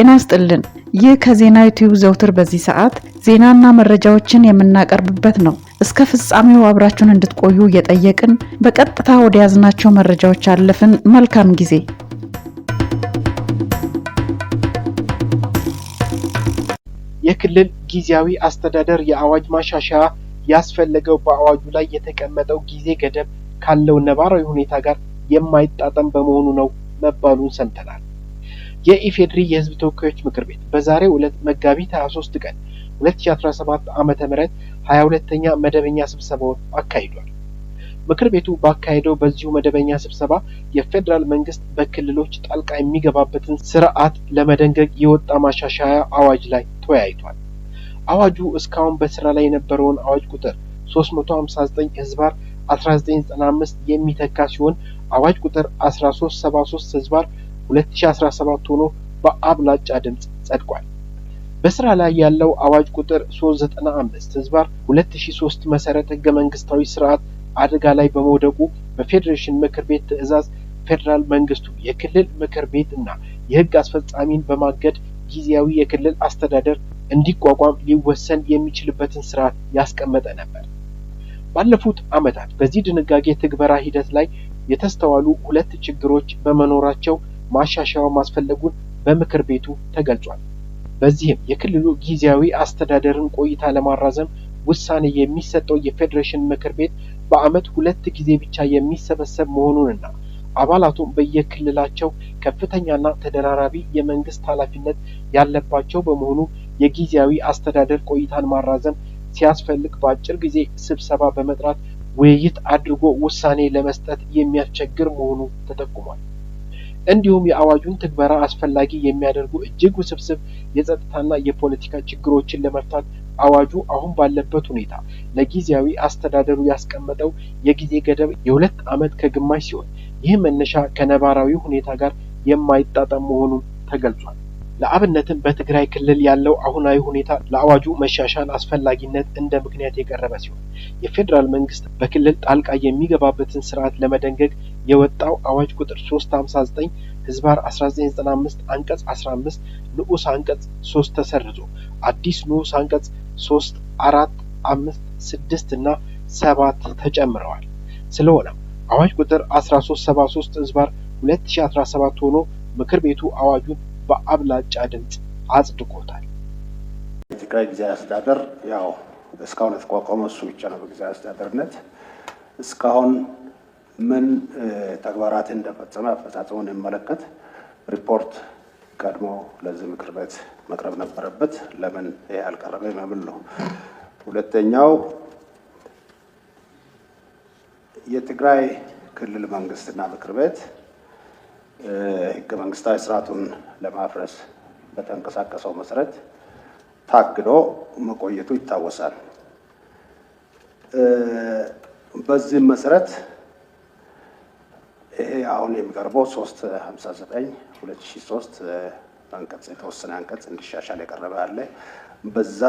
ጤና ይስጥልን። ይህ ከዜና ዩቲዩብ ዘውትር በዚህ ሰዓት ዜናና መረጃዎችን የምናቀርብበት ነው። እስከ ፍጻሜው አብራችሁን እንድትቆዩ እየጠየቅን በቀጥታ ወደ ያዝናቸው መረጃዎች አለፍን። መልካም ጊዜ። የክልል ጊዜያዊ አስተዳደር የአዋጅ ማሻሻያ ያስፈለገው በአዋጁ ላይ የተቀመጠው ጊዜ ገደብ ካለው ነባራዊ ሁኔታ ጋር የማይጣጠም በመሆኑ ነው መባሉን ሰምተናል። የኢፌዴሪ የህዝብ ተወካዮች ምክር ቤት በዛሬ ዕለት መጋቢት 23 ቀን 2017 ዓ.ም 22ኛ መደበኛ ስብሰባውን አካሂዷል። ምክር ቤቱ ባካሄደው በዚሁ መደበኛ ስብሰባ የፌዴራል መንግስት በክልሎች ጣልቃ የሚገባበትን ስርዓት ለመደንገግ የወጣ ማሻሻያ አዋጅ ላይ ተወያይቷል። አዋጁ እስካሁን በስራ ላይ የነበረውን አዋጅ ቁጥር 359 ህዝባር 1995 የሚተካ ሲሆን አዋጅ ቁጥር 1373 ህዝባር 2017 ሆኖ በአብላጫ ድምፅ ጸድቋል። በስራ ላይ ያለው አዋጅ ቁጥር 395 ህዝባር 2003 መሰረት ህገ መንግስታዊ ስርዓት አደጋ ላይ በመውደቁ በፌዴሬሽን ምክር ቤት ትዕዛዝ ፌዴራል መንግስቱ የክልል ምክር ቤት እና የህግ አስፈጻሚን በማገድ ጊዜያዊ የክልል አስተዳደር እንዲቋቋም ሊወሰን የሚችልበትን ስርዓት ያስቀመጠ ነበር። ባለፉት ዓመታት በዚህ ድንጋጌ ትግበራ ሂደት ላይ የተስተዋሉ ሁለት ችግሮች በመኖራቸው ማሻሻያው ማስፈለጉን በምክር ቤቱ ተገልጿል። በዚህም የክልሉ ጊዜያዊ አስተዳደርን ቆይታ ለማራዘም ውሳኔ የሚሰጠው የፌዴሬሽን ምክር ቤት በዓመት ሁለት ጊዜ ብቻ የሚሰበሰብ መሆኑንና አባላቱም በየክልላቸው ከፍተኛና ተደራራቢ የመንግስት ኃላፊነት ያለባቸው በመሆኑ የጊዜያዊ አስተዳደር ቆይታን ማራዘም ሲያስፈልግ በአጭር ጊዜ ስብሰባ በመጥራት ውይይት አድርጎ ውሳኔ ለመስጠት የሚያስቸግር መሆኑ ተጠቁሟል። እንዲሁም የአዋጁን ትግበራ አስፈላጊ የሚያደርጉ እጅግ ውስብስብ የጸጥታና የፖለቲካ ችግሮችን ለመፍታት አዋጁ አሁን ባለበት ሁኔታ ለጊዜያዊ አስተዳደሩ ያስቀመጠው የጊዜ ገደብ የሁለት ዓመት ከግማሽ ሲሆን ይህ መነሻ ከነባራዊ ሁኔታ ጋር የማይጣጠም መሆኑን ተገልጿል። ለአብነትም በትግራይ ክልል ያለው አሁናዊ ሁኔታ ለአዋጁ መሻሻል አስፈላጊነት እንደ ምክንያት የቀረበ ሲሆን የፌዴራል መንግስት በክልል ጣልቃ የሚገባበትን ስርዓት ለመደንገግ የወጣው አዋጅ ቁጥር 359 ህዝባር 1995 አንቀጽ 15 ንዑስ አንቀጽ 3 ተሰርዞ አዲስ ንዑስ አንቀጽ 3 4 5 6 እና 7 ተጨምረዋል። ስለሆነ አዋጅ ቁጥር 1373 ህዝባር 2017 ሆኖ ምክር ቤቱ አዋጁን በአብላጫ ድምፅ አጽድቆታል። የትግራይ ጊዜያዊ አስተዳደር ያው እስካሁን የተቋቋመ እሱ ብቻ ነው በጊዜያዊ አስተዳደርነት እስካሁን ምን ተግባራትን እንደፈጸመ አፈጻጸሙን የሚመለከት ሪፖርት ቀድሞ ለዚህ ምክር ቤት መቅረብ ነበረበት። ለምን ይህ አልቀረበ የሚል ነው። ሁለተኛው የትግራይ ክልል መንግስትና ምክር ቤት ህገ መንግስታዊ ስርዓቱን ለማፍረስ በተንቀሳቀሰው መሰረት ታግዶ መቆየቱ ይታወሳል። በዚህም መሰረት ቀርቦ 359 2003 አንቀጽ የተወሰነ አንቀጽ እንዲሻሻል የቀረበ አለ። በዛ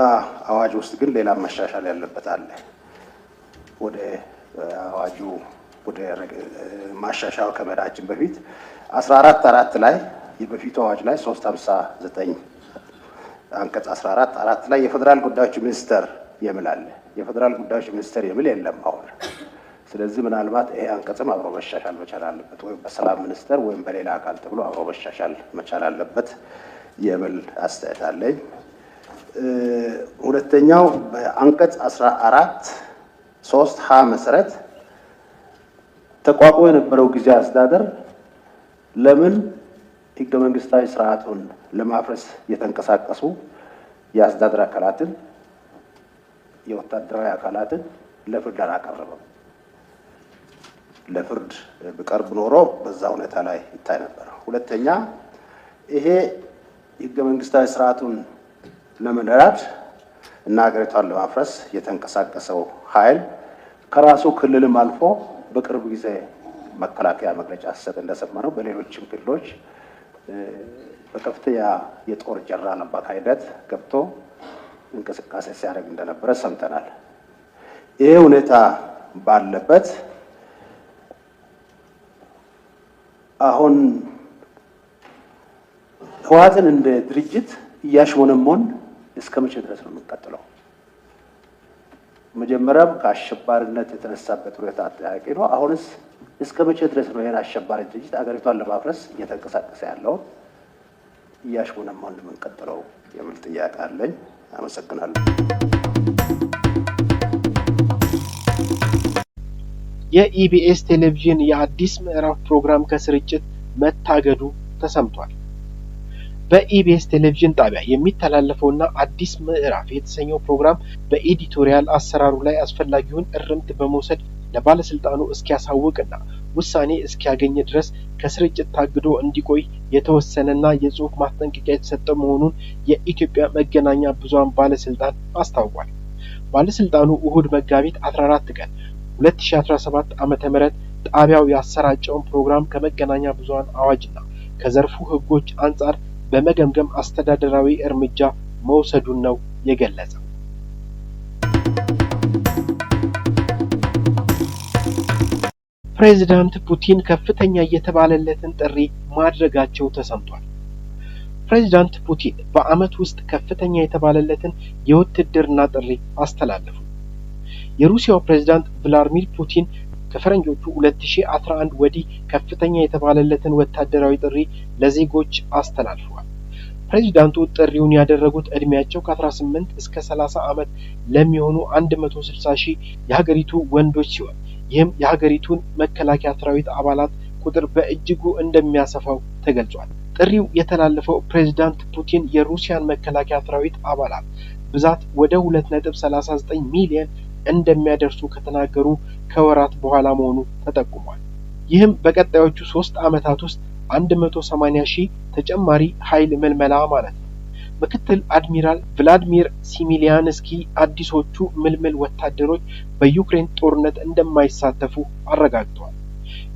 አዋጅ ውስጥ ግን ሌላ መሻሻል ያለበት አለ። ወደ አዋጁ ወደ ማሻሻያው ከመዳችን በፊት 14 አራት ላይ የበፊቱ አዋጅ ላይ 359 አንቀጽ 14 አራት ላይ የፌዴራል ጉዳዮች ሚኒስተር የሚል አለ። የፌዴራል ጉዳዮች ሚኒስተር የሚል የለም አሁን ስለዚህ ምናልባት ይሄ አንቀጽም አብሮ መሻሻል መቻል አለበት፣ ወይም በሰላም ሚኒስቴር ወይም በሌላ አካል ተብሎ አብሮ መሻሻል መቻል አለበት የሚል አስተያየት አለኝ። ሁለተኛው በአንቀጽ አስራ አራት ሶስት ሀ መሰረት ተቋቁሞ የነበረው ጊዜ አስተዳደር ለምን ህገ መንግስታዊ ስርዓቱን ለማፍረስ የተንቀሳቀሱ የአስተዳደር አካላትን የወታደራዊ አካላትን ለፍርድ አላቀረበም? ለፍርድ ብቀርብ ኖሮ በዛ ሁኔታ ላይ ይታይ ነበር። ሁለተኛ ይሄ ህገ መንግስታዊ ስርዓቱን ለመደራድ እና ሀገሪቷን ለማፍረስ የተንቀሳቀሰው ኃይል ከራሱ ክልልም አልፎ በቅርብ ጊዜ መከላከያ መግለጫ ሲሰጥ እንደሰማነው በሌሎችም ክልሎች በከፍተኛ የጦር ጀራን አማካኝነት ገብቶ እንቅስቃሴ ሲያደርግ እንደነበረ ሰምተናል። ይሄ ሁኔታ ባለበት አሁን ህወሓትን እንደ ድርጅት እያሽሞነሞን እስከ መቼ ድረስ ነው የምንቀጥለው? መጀመሪያም ከአሸባሪነት የተነሳበት ሁኔታ አጠያቂ ነው። አሁንስ እስከ መቼ ድረስ ነው ይህን አሸባሪ ድርጅት አገሪቷን ለማፍረስ እየተንቀሳቀሰ ያለውን እያሽሞነሞን የምንቀጥለው የሚል ጥያቄ አለኝ። አመሰግናለሁ። የኢቢኤስ ቴሌቪዥን የአዲስ ምዕራፍ ፕሮግራም ከስርጭት መታገዱ ተሰምቷል። በኢቢኤስ ቴሌቪዥን ጣቢያ የሚተላለፈውና አዲስ ምዕራፍ የተሰኘው ፕሮግራም በኤዲቶሪያል አሰራሩ ላይ አስፈላጊውን እርምት በመውሰድ ለባለስልጣኑ እስኪያሳውቅና ውሳኔ እስኪያገኝ ድረስ ከስርጭት ታግዶ እንዲቆይ የተወሰነና የጽሁፍ ማስጠንቀቂያ የተሰጠ መሆኑን የኢትዮጵያ መገናኛ ብዙሃን ባለስልጣን አስታውቋል። ባለስልጣኑ እሁድ መጋቢት 14 ቀን 2017 ዓ.ም ጣቢያው ያሰራጨውን ፕሮግራም ከመገናኛ ብዙኃን አዋጅና ከዘርፉ ህጎች አንጻር በመገምገም አስተዳደራዊ እርምጃ መውሰዱን ነው የገለጸው። ፕሬዚዳንት ፑቲን ከፍተኛ እየተባለለትን ጥሪ ማድረጋቸው ተሰምቷል። ፕሬዚዳንት ፑቲን በዓመት ውስጥ ከፍተኛ የተባለለትን የውትድርና ጥሪ አስተላለፉ። የሩሲያው ፕሬዝዳንት ቭላድሚር ፑቲን ከፈረንጆቹ 2011 ወዲህ ከፍተኛ የተባለለትን ወታደራዊ ጥሪ ለዜጎች አስተላልፈዋል። ፕሬዚዳንቱ ጥሪውን ያደረጉት ዕድሜያቸው ከ18 እስከ 30 ዓመት ለሚሆኑ 160 ሺህ የሀገሪቱ ወንዶች ሲሆን ይህም የሀገሪቱን መከላከያ ሰራዊት አባላት ቁጥር በእጅጉ እንደሚያሰፋው ተገልጿል። ጥሪው የተላለፈው ፕሬዚዳንት ፑቲን የሩሲያን መከላከያ ሰራዊት አባላት ብዛት ወደ 2.39 ሚሊዮን እንደሚያደርሱ ከተናገሩ ከወራት በኋላ መሆኑ ተጠቁሟል። ይህም በቀጣዮቹ ሶስት ዓመታት ውስጥ 180 ሺህ ተጨማሪ ኃይል ምልመላ ማለት ነው። ምክትል አድሚራል ቭላድሚር ሲሚሊያንስኪ አዲሶቹ ምልምል ወታደሮች በዩክሬን ጦርነት እንደማይሳተፉ አረጋግጠዋል።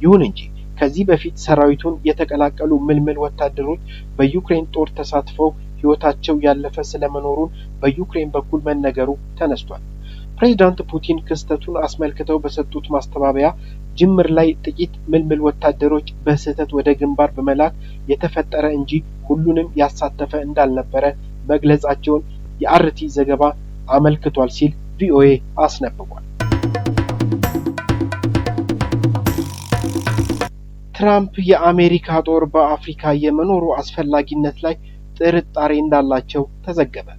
ይሁን እንጂ ከዚህ በፊት ሰራዊቱን የተቀላቀሉ ምልምል ወታደሮች በዩክሬን ጦር ተሳትፈው ሕይወታቸው ያለፈ ስለመኖሩን በዩክሬን በኩል መነገሩ ተነስቷል። ፕሬዚዳንት ፑቲን ክስተቱን አስመልክተው በሰጡት ማስተባበያ ጅምር ላይ ጥቂት ምልምል ወታደሮች በስህተት ወደ ግንባር በመላክ የተፈጠረ እንጂ ሁሉንም ያሳተፈ እንዳልነበረ መግለጻቸውን የአርቲ ዘገባ አመልክቷል ሲል ቪኦኤ አስነብቋል። ትራምፕ የአሜሪካ ጦር በአፍሪካ የመኖሩ አስፈላጊነት ላይ ጥርጣሬ እንዳላቸው ተዘገበ።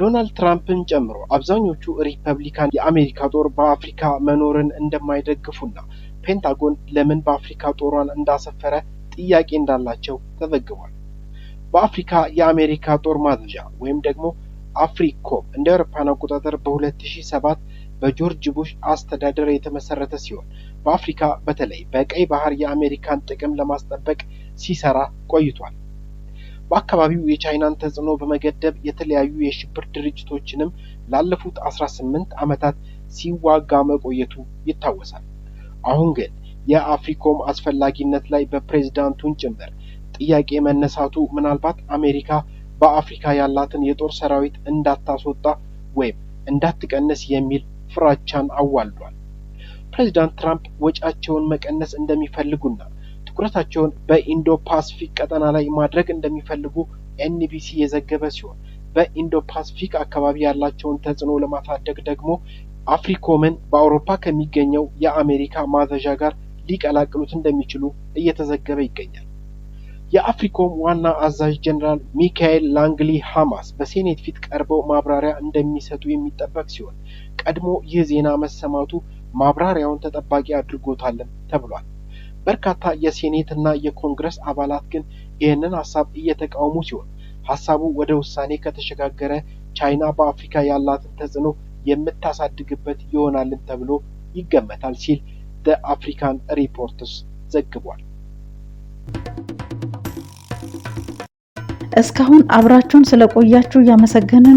ዶናልድ ትራምፕን ጨምሮ አብዛኞቹ ሪፐብሊካን የአሜሪካ ጦር በአፍሪካ መኖርን እንደማይደግፉና ፔንታጎን ለምን በአፍሪካ ጦሯን እንዳሰፈረ ጥያቄ እንዳላቸው ተዘግቧል። በአፍሪካ የአሜሪካ ጦር ማዘዣ ወይም ደግሞ አፍሪኮም እንደ አውሮፓን አቆጣጠር በ2007 በጆርጅ ቡሽ አስተዳደር የተመሰረተ ሲሆን በአፍሪካ በተለይ በቀይ ባህር የአሜሪካን ጥቅም ለማስጠበቅ ሲሰራ ቆይቷል። በአካባቢው የቻይናን ተጽዕኖ በመገደብ የተለያዩ የሽብር ድርጅቶችንም ላለፉት 18 ዓመታት ሲዋጋ መቆየቱ ይታወሳል። አሁን ግን የአፍሪኮም አስፈላጊነት ላይ በፕሬዝዳንቱን ጭምር ጥያቄ መነሳቱ ምናልባት አሜሪካ በአፍሪካ ያላትን የጦር ሰራዊት እንዳታስወጣ ወይም እንዳትቀንስ የሚል ፍራቻን አዋልዷል። ፕሬዚዳንት ትራምፕ ወጪያቸውን መቀነስ እንደሚፈልጉና ትኩረታቸውን በኢንዶ ፓስፊክ ቀጠና ላይ ማድረግ እንደሚፈልጉ ኤንቢሲ የዘገበ ሲሆን በኢንዶ ፓስፊክ አካባቢ ያላቸውን ተጽዕኖ ለማሳደግ ደግሞ አፍሪኮምን በአውሮፓ ከሚገኘው የአሜሪካ ማዘዣ ጋር ሊቀላቅሉት እንደሚችሉ እየተዘገበ ይገኛል። የአፍሪኮም ዋና አዛዥ ጀኔራል ሚካኤል ላንግሊ ሃማስ በሴኔት ፊት ቀርበው ማብራሪያ እንደሚሰጡ የሚጠበቅ ሲሆን ቀድሞ ይህ ዜና መሰማቱ ማብራሪያውን ተጠባቂ አድርጎታልም ተብሏል። በርካታ የሴኔት እና የኮንግረስ አባላት ግን ይህንን ሀሳብ እየተቃወሙ ሲሆን ሀሳቡ ወደ ውሳኔ ከተሸጋገረ ቻይና በአፍሪካ ያላትን ተጽዕኖ የምታሳድግበት ይሆናልን ተብሎ ይገመታል ሲል ደ አፍሪካን ሪፖርትስ ዘግቧል። እስካሁን አብራችሁን ስለቆያችሁ ያመሰገንን